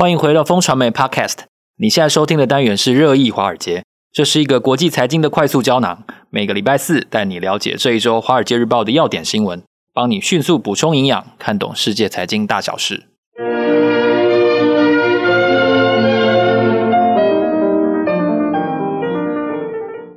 歡迎回到風傳媒 Podcast。你現在收聽的單元是熱議華爾街，這是一個國際財經的快速膠囊。每個禮拜四帶你了解這一周《華爾街日報》的要點新聞，幫你迅速補充營養，看懂世界財經大小事。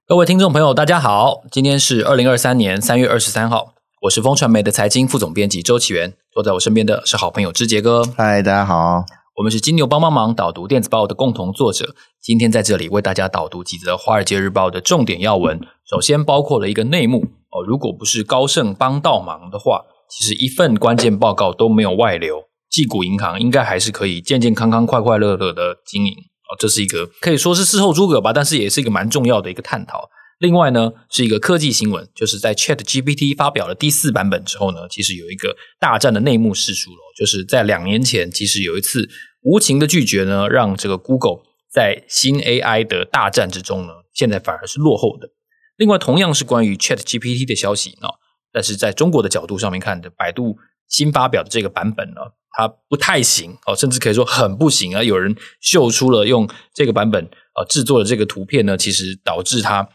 各位聽眾朋友，大家好，今天是二零二三年三月二十三號，我是風傳媒的財經副總編輯周岐原，坐在我身邊的是好朋友之杰哥。嗨，大家好。我們是金牛幫幫忙導讀電子報的共同作者，今天在這裡為大家導讀幾則《華爾街日報》的重點要聞。首先包括了一個內幕哦，如果不是高盛幫倒忙的話，其實一份關鍵報告都沒有外流，矽谷銀行應該還是可以健健康康、快快樂樂的經營哦。這是一個可以說是事後諸葛吧，但是也是一個蠻重要的一個探討。另外呢，是一個科技新聞，就是在 ChatGPT 發表了第四版本之後呢，其實有一個大戰的內幕釋出了，就是在兩年前，其實有一次無情的拒絕呢，讓這個 Google 在新 AI 的大戰之中呢，現在反而是落後的。另外，同樣是關於 ChatGPT 的消息呢，但是在中國的角度上面看的，百度新發表的這個版本呢，它不太行哦，甚至可以說很不行啊。有人秀出了用這個版本啊制作的這個圖片呢，其實導致它。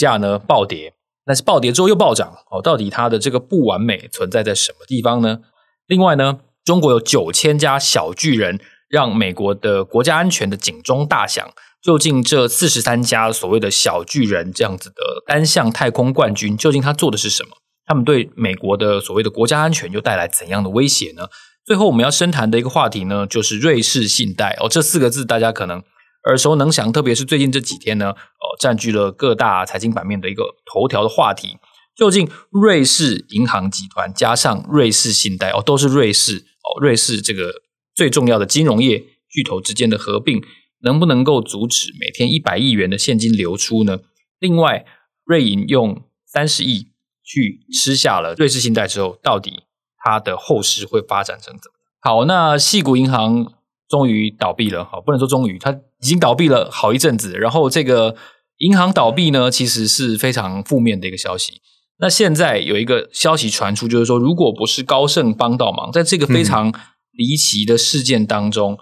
價呢暴跌，但是暴跌之後又暴漲哦。到底它的這個不完美存在在什麼地方呢？另外呢，中國有九千家小巨人，讓美國的國家安全的警鐘大響。究竟這四十三家所謂的小巨人這樣子的單項太空冠軍，究竟他做的是什麼？他們對美國的所謂的國家安全又帶來怎樣的威脅呢？最後我們要深談的一個話題呢，就是瑞士信貸哦，這四個字大家可能。耳熟能詳，特別是最近這幾天呢，哦，佔據了各大財經版面的一個頭條的話題。究竟瑞士銀行集團加上瑞士信貸，哦，都是瑞士哦，瑞士這個最重要的金融業巨頭之間的合併，能不能夠阻止每天一百億元的現金流出呢？另外，瑞銀用三十億去吃下了瑞士信貸之後，到底它的後市會發展成怎麼？好，那矽谷銀行。終於倒閉了，哈，不能說終於，他已經倒閉了好一陣子。然後這個銀行倒閉呢，其實是非常負面的一個消息。那現在有一個消息傳出，就是說，如果不是高盛幫倒忙，在這個非常離奇的事件當中，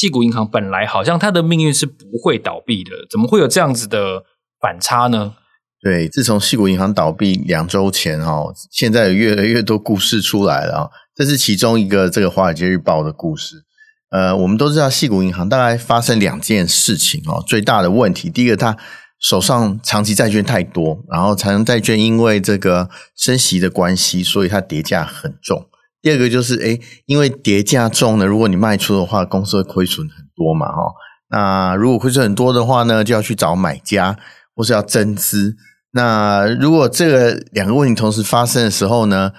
硅、嗯、谷銀行本來好像它的命運是不會倒閉的，怎麼會有這樣子的反差呢？對，自從硅谷銀行倒閉兩週前，哈，現在有越來越多故事出來了。這是其中一個，這個《華爾街日報》的故事。呃，我們都知道，矽谷銀行大概發生兩件事情哦。最大的問題，第一個，它手上長期債券太多，然後長債券，因為這個升息的關係，所以它跌價很重。第二個就是，誒，因為跌價重呢，如果你賣出的話，公司會虧損很多嘛、哦，哈。那如果虧損很多的話呢，就要去找買家，或是要增資。那如果這個兩個問題同時發生的時候呢，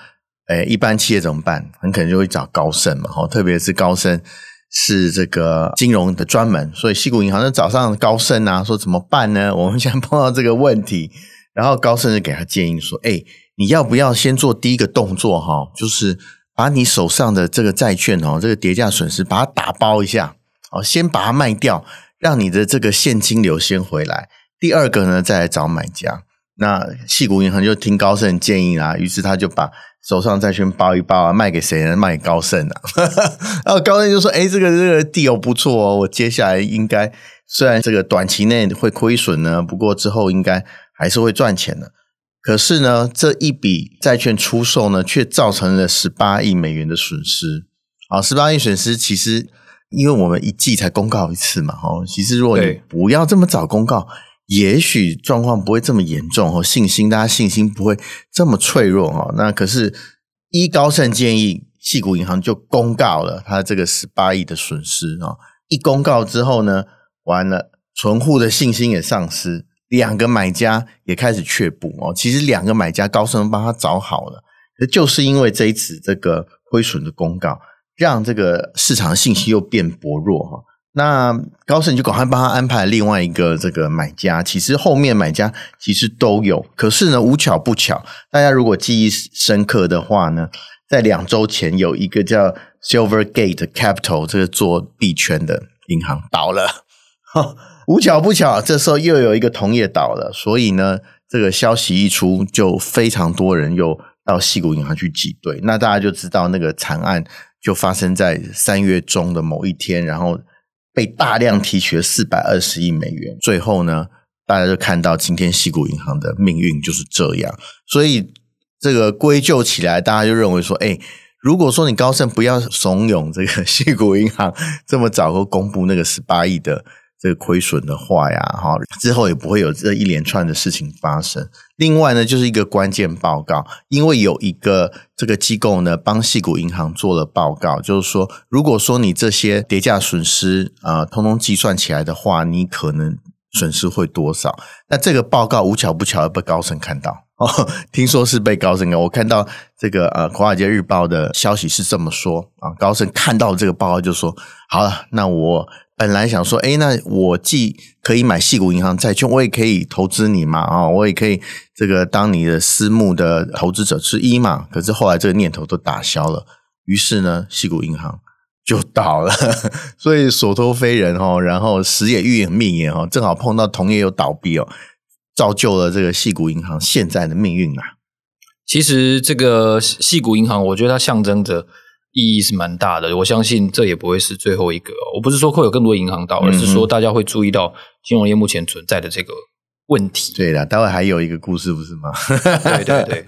誒，一般企業怎麼辦？很可能就會找高盛嘛，哈，特別是高盛。是這個金融的專門，所以矽谷銀行就找上高盛啊，說，怎麼辦呢？我們先碰到這個問題，然後高盛就給他建議說：“哎，你要不要先做第一個動作哈，就是把你手上的這個債券哦，這個跌價損失把它打包一下，哦，先把它賣掉，讓你的這個現金流先回來，第二個呢再來找買家。”那矽谷銀行就聽高盛建議啦，於是他就把手上債券包一包啊，賣給誰呢？賣給高盛啊。 然後高盛就說：“哎、欸，這個這個 deal 不錯哦，我接下來應該雖然這個短期內會虧損呢，不過之後應該還是會賺錢的。可是呢，這一筆債券出售呢，卻造成了十八億美元的損失。啊，十八億損失，其實因為我們一季才公告一次嘛，哦，其實如果你不要這麼早公告。”也許狀況不會這麼嚴重哦，信心大家信心不會這麼脆弱哈、哦。那可是，一高盛建議，矽谷銀行就公告了他這個十八億的損失啊、哦。一公告之後呢，完了，存戶的信心也喪失，兩個買家也開始卻步哦。其實兩個買家高盛幫他找好了，就是因為這一次這個虧損的公告，讓這個市場信息又變薄弱哈、哦。那高盛就趕快幫他安排另外一個這個買家。其實後面買家其實都有，可是呢，無巧不巧，大家如果記憶深刻的話呢，在兩周前有一個叫 Silvergate Capital 這個做幣圈的銀行倒了。哈，無巧不巧，這時候又有一個同業倒了，所以呢，這個消息一出，就非常多人又到矽谷銀行去擠兌。那大家就知道那個慘案就發生在三月中的某一天，然後。被大量提取了四百二十億美元，最後呢，大家就看到今天矽谷銀行的命運就是這樣。所以這個歸咎起來，大家就認為說，哎、欸，如果說你高盛不要慫恿這個矽谷銀行這麼早都公布那個十八億的。這個虧損的話呀，哈之後也不會有這一連串的事情發生。另外呢，就是一個關鍵報告，因為有一個這個機構呢幫矽谷銀行做了報告，就是說，如果說你這些跌價損失啊，通、呃、通計算起來的話，你可能損失會多少？嗯、那這個報告無巧不巧被高盛看到哦，聽說是被高盛看，我看到這個呃《華爾街日報》的消息是這麼說啊，高盛看到這個報告就說，好了，那我。本來想說，哎，那我既可以買矽谷銀行債券，我也可以投資你嘛，啊，我也可以這個當你的私募的投資者之一嘛。可是後來這個念頭都打消了，於是呢，矽谷銀行就倒了。 所以所托非人哦，然後時也運也命也哦，正好碰到同業又倒閉哦，造就了這個矽谷銀行現在的命運啊。其實這個矽谷銀行，我覺得它象徵着。意義是蠻大的，我相信這也不會是最後一個。哦，我不是說會有更多銀行倒，而是說大家會注意到金融業目前存在的這個問題。嗯、對的，待會還有一個故事不是嗎？ 對對對。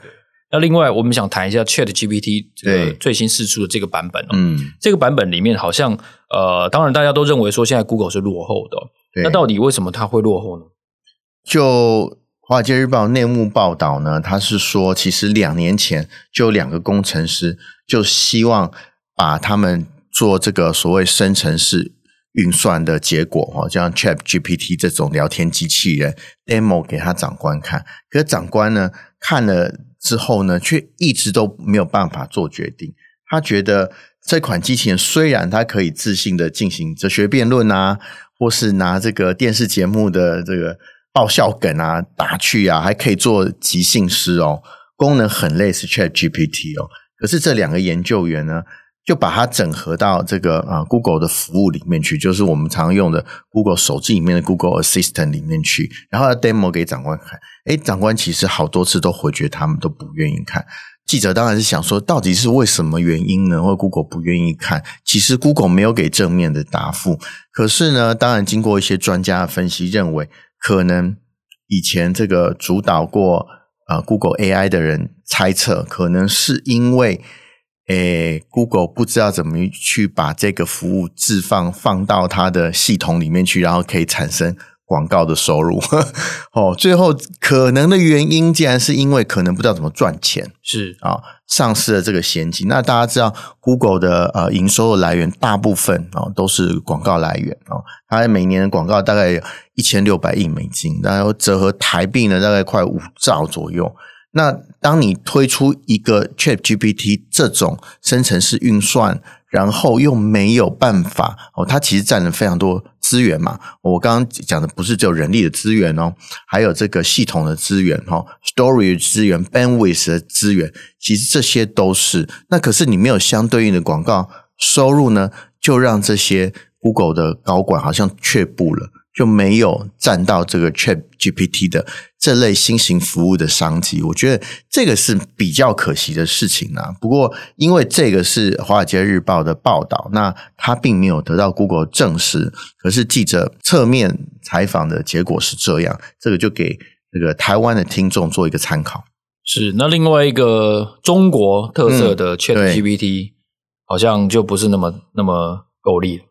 那另外，我們想談一下 ChatGPT 這個最新釋出的這個版本哦。嗯，這個版本裡面好像，呃，當然大家都認為說現在 Google 是落後的，那到底為什麼它會落後呢？就。華爾街日報內幕報道呢，他是說，其實兩年前就有兩個工程師就希望把他們做這個所謂生成式運算的結果哈，就像 ChatGPT 這種聊天機器人 demo 給他長官看，可長官呢看了之後呢，卻一直都沒有辦法做決定。他覺得這款機器人雖然它可以自信的進行哲學辯論啊，或是拿這個電視節目的這個。爆笑梗啊，打趣啊，還可以做即興詩哦，功能很類似 ChatGPT 哦。可是這兩個研究員呢，就把它整合到這個啊 Google 的服務裡面去，就是我們常用的 Google 手機裡面的 Google Assistant 裡面去。然後要 demo 給長官看，哎，長官其實好多次都回絕，他們都不願意看。記者當然是想說，到底是為什麼原因呢？或者 Google 不願意看？其實 Google 沒有給正面的答覆。可是呢，當然經過一些專家分析認為。可能以前這個主導過啊，呃，Google AI 的人猜測，可能是因為，誒，欸，Google 不知道怎麼去把這個服務置放放到它的系統裡面去，然後可以產生廣告的收入。 哦，最後可能的原因竟然是因為可能不知道怎麼賺錢，是啊。哦。喪失了這個先機，那大家知道，Google 的呃營收的來源大部分啊、哦、都是廣告來源啊。它、哦、每年的廣告大概有一千六百億美金，然後折合台幣呢，大概快五兆左右。那當你推出一個 ChatGPT 這種生成式運算，然後又沒有辦法哦，它其實佔了非常多資源嘛。我剛剛講的不是只有人力的資源哦，還有這個系統的資源哈、哦、story 的資源，bandwidth 的資源，其實這些都是。那可是你沒有相對應的廣告收入呢，就讓這些 Google 的高管好像卻步了，就沒有佔到這個 ChatGPT 的。這類新型服務的商機，我覺得這個是比較可惜的事情啊。不過，因為這個是《華爾街日報》的報道，那他並沒有得到 Google 的證實。可是記者側面採訪的結果是這樣，這個就給這個台灣的聽眾做一個參考。是那另外一個中國特色的 Chat GPT，嗯，好像就不是那麼那麼夠力。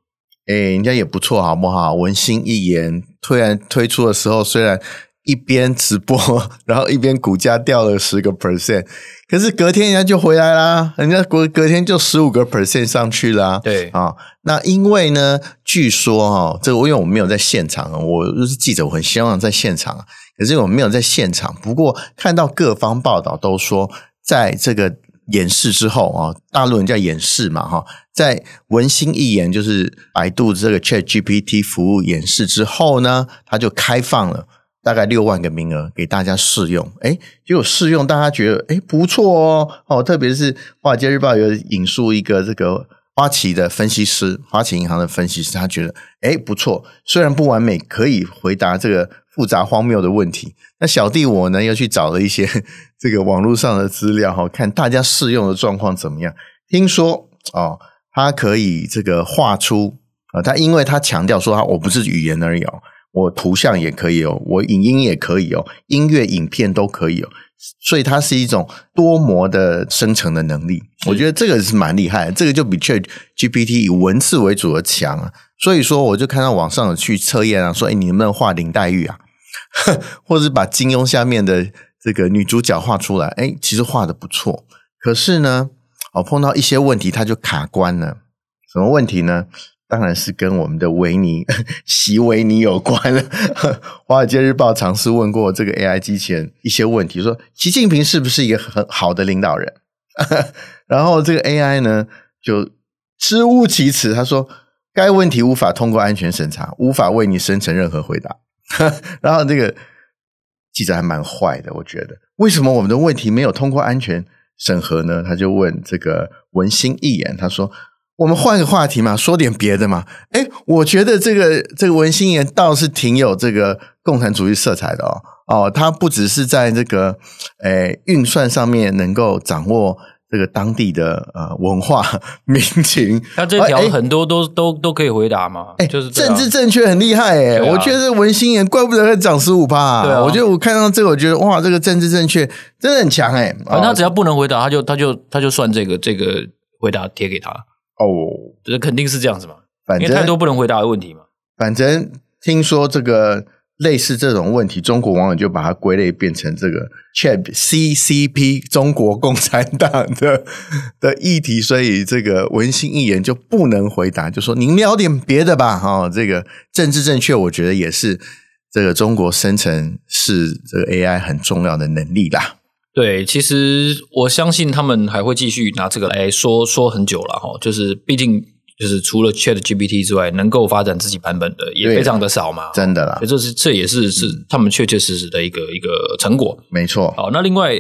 哎，人家也不錯，好不好？文心一言突然推出的時候，雖然。一邊直播，然後一邊股價掉了十個 percent，可是隔天人家就回來啦，人家隔隔天就十五個 percent 上去啦。對啊、哦，那因為呢，據說哈、哦，這個因為我們沒有在現場，我就是記者，我很希望在現場，可是因為我沒有在現場。不過看到各方報道都說，在這個演示之後啊、哦，大陸人家演示嘛哈、哦，在文心一言就是百度這個 Chat GPT 服務演示之後呢，它就開放了。大概六萬個名額給大家試用，誒結果試用大家覺得誒不錯哦，哦，特別是華爾街日報有引述一個這個花旗的分析師，花旗銀行的分析師，他覺得誒不錯，雖然不完美，可以回答這個複雜荒謬的問題。那小弟我呢，又去找了一些這個網絡上的資料哈，看大家試用的狀況怎麼樣。聽說哦，他可以這個畫出啊，哦，他因為他強調說他我不是語言而已哦。我圖像也可以哦，我影音也可以哦，音樂、影片都可以哦，所以它是一種多模的生成的能力。我覺得這個是蠻厲害的，這個就比 ChatGPT 以文字為主的強啊。所以說，我就看到網上有去測驗啊，說誒你能不能畫林黛玉啊，或者把金庸下面的這個女主角畫出來？誒其實畫的不錯，可是呢，我碰到一些問題，它就卡關了。什麼問題呢？當然是跟我們的維尼、習維尼有關了。 華爾街日報嘗試問過這個 AI 機器人一些問題，說習近平是不是一個很好的領導人？ 然後這個 AI 呢就支吾其詞，他說該問題無法通過安全審查，無法為你生成任何回答。 然後這個記者還蠻壞的，我覺得為什麼我們的問題沒有通過安全審核呢？他就問這個文心一言，他說。我們換個話題嘛，說點別的嘛。哎，我覺得這個這個文心一言倒是挺有這個共產主義色彩的哦。哦，他不只是在這個誒運算上面能夠掌握這個當地的呃文化民情。他這條很多都都都，都可以回答嘛。哎，就是政治正確很厲害哎，欸啊。我覺得文心一言怪不得會漲十五趴。對，啊，我覺得我看到這個，我覺得哇，這個政治正確真的很強哎，欸。反正他只要不能回答，他就他就他就算這個這個回答貼給他。哦，這肯定是這樣子嘛，反正，因為太多不能回答的問題嘛。反正聽說這個類似這種問題，中國網友就把它歸類變成這個 “Chat CCP” 中國共產黨的的議題，所以這個文心一言就不能回答，就說，您聊點別的吧啊、哦。這個政治正確，我覺得也是這個中國生成式這個 AI 很重要的能力啦。對，其實我相信他們還會繼續拿這個來說、嗯、說很久了哈，就是畢竟就是除了 Chat GPT 之外，能夠發展自己版本的也非常的少嘛，真的啦，所以這是這也是、嗯、是他們確確實實的一個一個成果，沒錯。好，那另外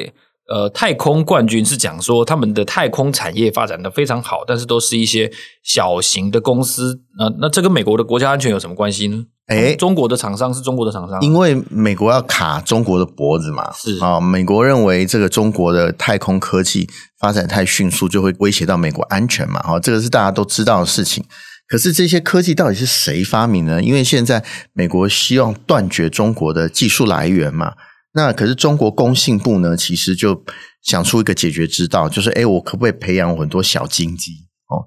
呃，太空冠軍是講說他們的太空產業發展的非常好，但是都是一些小型的公司，那那這跟美國的國家安全有什麼關係呢？哎、嗯，中國的廠商是中國的廠商、啊，因為美國要卡中國的脖子嘛，是啊、哦，美國認為這個中國的太空科技發展太迅速，就會威脅到美國安全嘛，哈、哦，這個是大家都知道的事情。可是這些科技到底是誰發明呢？因為現在美國希望斷絕中國的技術來源嘛，那可是中國工信部呢，其實就想出一個解決之道，就是哎，我可不可以培養很多小巨人？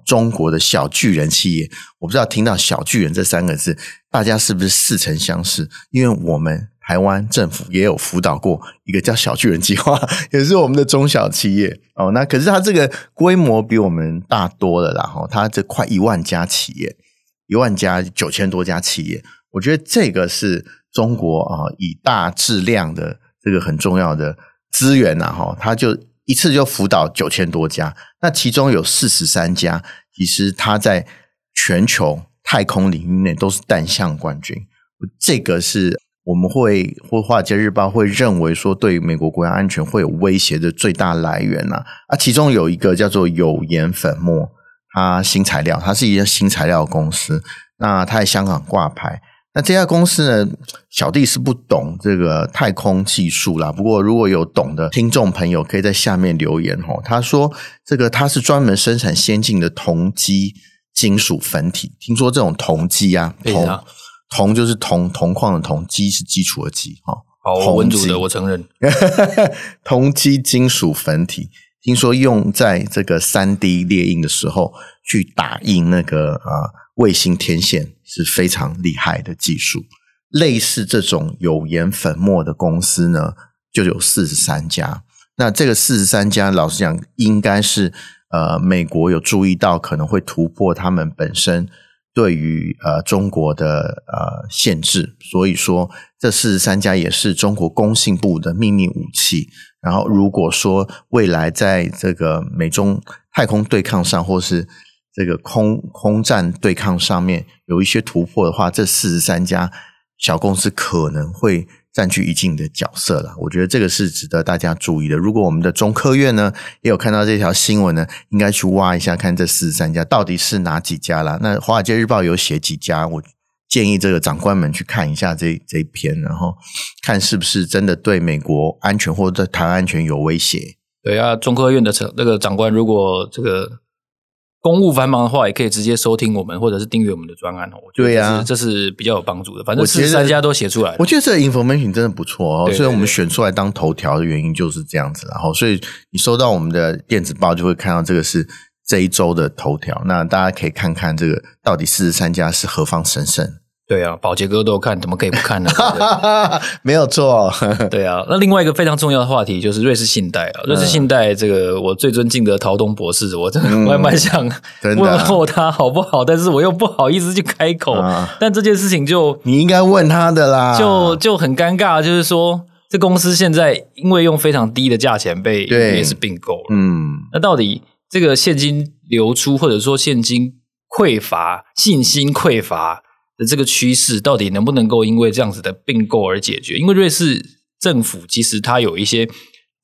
中國的小巨人企業，我不知道聽到“小巨人”這三個字，大家是不是似曾相識？因為我們台灣政府也有輔導過一個叫“小巨人計劃”，也是我們的中小企業哦。那可是它這個規模比我們大多了啦，然後它這快一萬家企業，一萬家九千多家企業，我覺得這個是中國啊以大質量的這個很重要的資源吶，它就。一次就輔導九千多家，那其中有四十三家，其實它在全球太空領域內都是單項冠軍。這個是我們會或華爾街日報會認為說，對於美國國家安全會有威脅的最大的來源啊，啊其中有一個叫做有鹽粉末，它新材料，它是一家新材料公司，那它在香港掛牌。那這家公司呢，小弟是不懂這個太空技術啦。不過如果有懂的聽眾朋友，可以在下面留言哈、哦。他說這個他是專門生產先進的銅基金屬粉體。聽說這種銅基啊，銅啊銅就是銅銅礦的銅，銅基是基礎的基哈。好，我文組的，我承認 銅基金屬粉體。聽說用在這個三 D 列印的時候，去打印那個啊。衛星天線是非常厲害的技術，類似這種有鹽粉末的公司呢，就有四十三家。那這個四十三家，老實講，應該是呃，美國有注意到可能會突破他們本身對於呃中國的呃限制，所以說這四十三家也是中國工信部的秘密武器。然後，如果說未來在這個美中太空對抗上，或是這個空空戰對抗上面有一些突破的話，這四十三家小公司可能會占據一定的角色了。我覺得這個是值得大家注意的。如果我們的中科院呢也有看到這條新聞呢，應該去挖一下，看這四十三家到底是哪幾家了。那《華爾街日報》有寫幾家，我建議這個長官們去看一下這這一篇，然後看是不是真的對美國安全或者對台灣安全有威脅。對啊，中科院的長那個長官，如果這個。公務繁忙的話，也可以直接收聽我們，或者是訂閱我們的專欄哦。對呀，這是比較有幫助的。反正四十三家都寫出來，我覺得這個 information 真的不錯哦。對對對，所以我們選出來當頭條的原因就是這樣子，然後，所以你收到我們的電子報，就會看到這個是這一周的頭條。那大家可以看看這個到底四十三家是何方神聖？對啊，寶潔哥都有看，怎麼可以不看呢？ 對不對 沒有錯，對啊。那另外一個非常重要的話題就是瑞士信貸啊，瑞士信貸這個我最尊敬的陶東博士，我真的、嗯、我還蠻想問候他好不好？但是我又不好意思去開口。啊、但這件事情就你應該問他的啦，就就很尷尬，就是說這公司現在因為用非常低的價錢被也是併購了，嗯，那到底這個現金流出或者說現金匱乏、信心匱乏？的這個趨勢，到底能不能夠因為這樣子的併購而解決？因為瑞士政府其實它有一些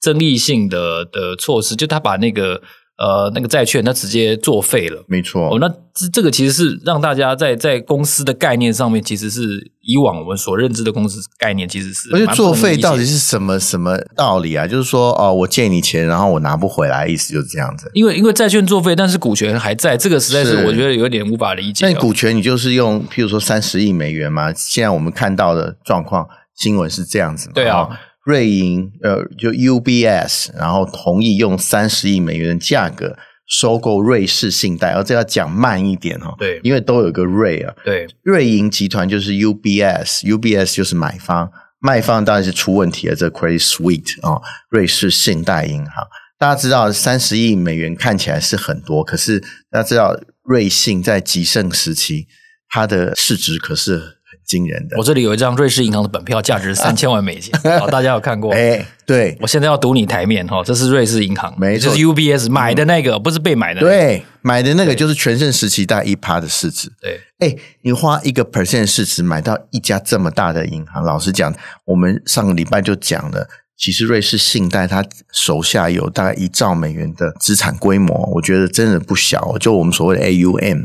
爭議性的，的措施，就它把那個。呃，那個債券它直接作廢了，沒錯。哦，那這這個其實是讓大家在在公司的概念上面，其實是以往我們所認知的公司概念，其實是而且作廢到底是什麼什麼道理啊？就是說，哦，我借你錢，然後我拿不回來，意思就是這樣子。因為因為債券作廢，但是股權還在，這個實在是我覺得有點無法理解，哦是。那股權你就是用，譬如說三十億美元嘛？現在我們看到的狀況，新聞是這樣子。對啊。瑞銀，呃，就 UBS，然後同意用三十億美元的價格收購瑞士信貸，而、哦、這要講慢一點哈、哦。對，因為都有個瑞啊。對，瑞銀集團就是 UBS，UBS UBS 就是買方，賣方當然是出問題了。這 Credit Suisse 啊，瑞士信貸銀行，大家知道三十億美元看起來是很多，可是大家知道瑞信在極盛時期，它的市值可是。驚人的！我這裡有一張瑞士銀行的本票，價值三千萬美金。 大家有看過？誒、欸、對，我現在要賭你台面哈。這是瑞士銀行，沒錯，這是 UBS 買的那個，嗯、不是被買的、那個。對，買的那個就是全盛時期大概一趴的市值。對，誒、欸、你花一個 percent 市值買到一家這麼大的銀行，老實講，我們上個禮拜就講了，其實瑞士信貸他手下有大概一兆美元的資產規模，我覺得真的不小。就我們所謂的 AUM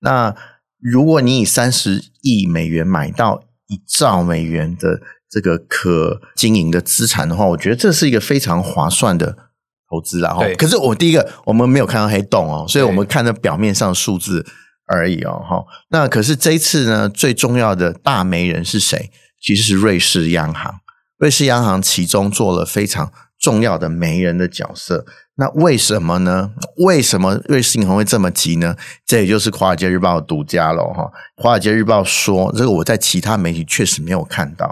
那。如果你以三十億美元買到一兆美元的這個可經營的資產的話，我覺得這是一個非常划算的投資啦，齁。對。可是我第一個，我們沒有看到黑洞哦，所以我們看到表面上的數字而已哦。那可是這一次呢，最重要的大媒人是誰？其實是瑞士央行。瑞士央行其中做了非常重要的媒人的角色。那為什麼呢？為什麼瑞信銀行會這麼急呢？這也就是華爾街日報獨家了哈。華爾街日報說，這個我在其他媒體確實沒有看到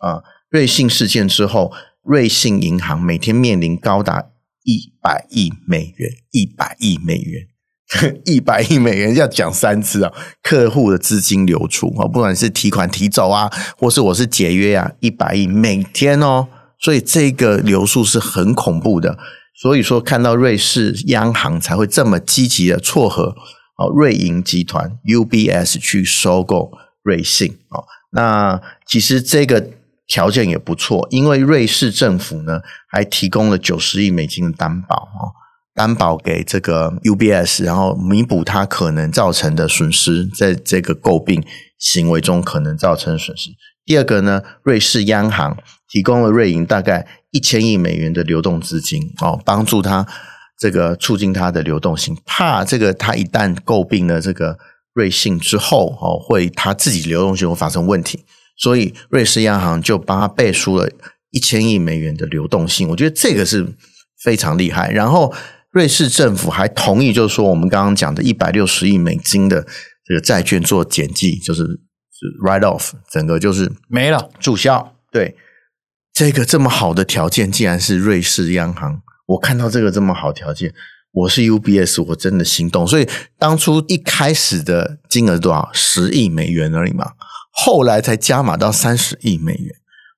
啊。瑞信事件之後，瑞信銀行每天面臨高達一百億美元，一百億美元，一百億美元要講三次啊！客戶的資金流出啊，不管是提款提走啊，或是我是解約呀，啊，一百億每天哦，所以這個流速是很恐怖的。所以說，看到瑞士央行才會這麼積極的撮合哦，瑞銀集團 UBS 去收購瑞信哦。那其實這個條件也不錯，因為瑞士政府呢還提供了九十億美金的擔保哦，擔保給這個 UBS，然後彌補它可能造成的損失，在這個購併行為中可能造成的損失。第二個呢，瑞士央行提供了瑞銀大概一千億美元的流動資金哦，幫助他這個促進他的流動性，怕這個他一旦購併了這個瑞信之後哦，會他自己流動性會發生問題，所以瑞士央行就幫他背書了一千億美元的流動性，我覺得這個是非常厲害。然後瑞士政府還同意，就是說我們剛剛講的一百六十億美金的這個債券做減記，就是 write off，整個就是沒了註銷對。這個這麼好的條件，竟然是瑞士央行。我看到這個這麼好條件，我是 UBS，我真的心動。所以當初一開始的金額多少？十億美元而已嘛，後來才加碼到三十億美元。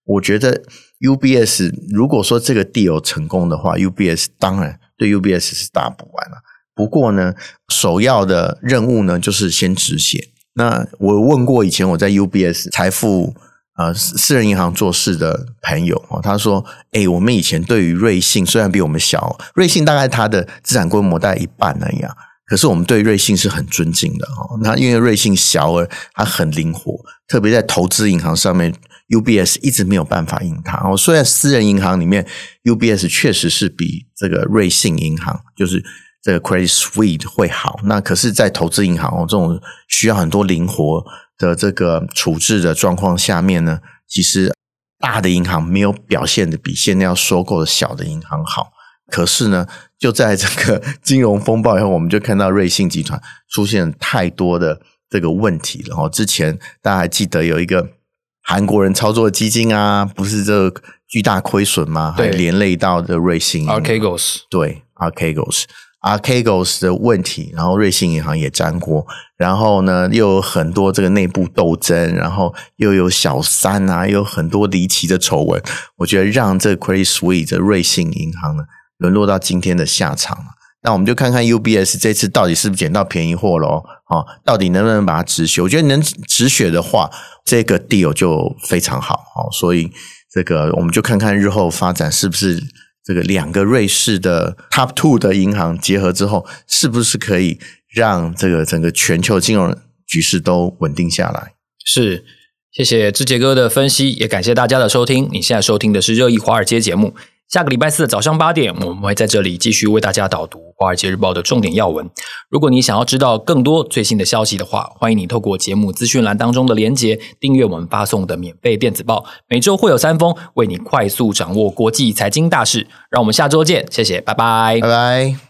我覺得 UBS 如果說這個 deal 成功的話，UBS 當然對 UBS 是大補丸了、啊。不過呢，首要的任務呢，就是先止血。那我問過以前我在 UBS 財富。呃，私人銀行做事的朋友他說：“誒、欸、我們以前對於瑞信雖然比我們小，瑞信大概它的資產規模大概一半那樣，可是我們對瑞信是很尊敬的。那因為瑞信小而它很靈活，特別在投資銀行上面，UBS 一直沒有辦法贏它。我說在私人銀行裡面，UBS 確實是比這個瑞信銀行就是。”這個 Credit Suisse 會好，那可是，在投資銀行這種需要很多靈活的這個處置的狀況下面呢，其實大的銀行沒有表現的比現在要收購的小的銀行好。可是呢，就在這個金融風暴以後，我們就看到瑞信集團出現太多的這個問題了。然後之前大家還記得有一個韓國人操作的基金啊，不是這個巨大虧損嗎？還連累到的瑞信。Archegos 對，Archegos Archegos 的問題，然後瑞信銀行也沾鍋，然後呢，又有很多這個內部鬥爭，然後又有小三啊，又有很多離奇的醜聞，我覺得讓這個 Crazy Swiss 的瑞信銀行呢，淪落到今天的下場。那我們就看看 UBS 這次到底是不是撿到便宜貨嘍？啊、哦，到底能不能把它止血？我覺得能止血的話，這個 deal 就非常好。好、哦，所以這個我們就看看日後發展是不是。這個兩個瑞士的 top two 的銀行結合之後，是不是可以讓這個整個全球金融局勢都穩定下來？是，謝謝之杰哥的分析，也感謝大家的收聽。你現在收聽的是《熱議華爾街》節目。下個禮拜四的早上八點，我們會在這裡繼續為大家導讀《華爾街日報》的重點要聞。如果你想要知道更多最新的消息的話，歡迎你透過節目資訊欄當中的連結訂閱我們發送的免費電子報，每周會有三封，為你快速掌握國際財經大事。讓我們下週見，謝謝，拜拜，拜拜。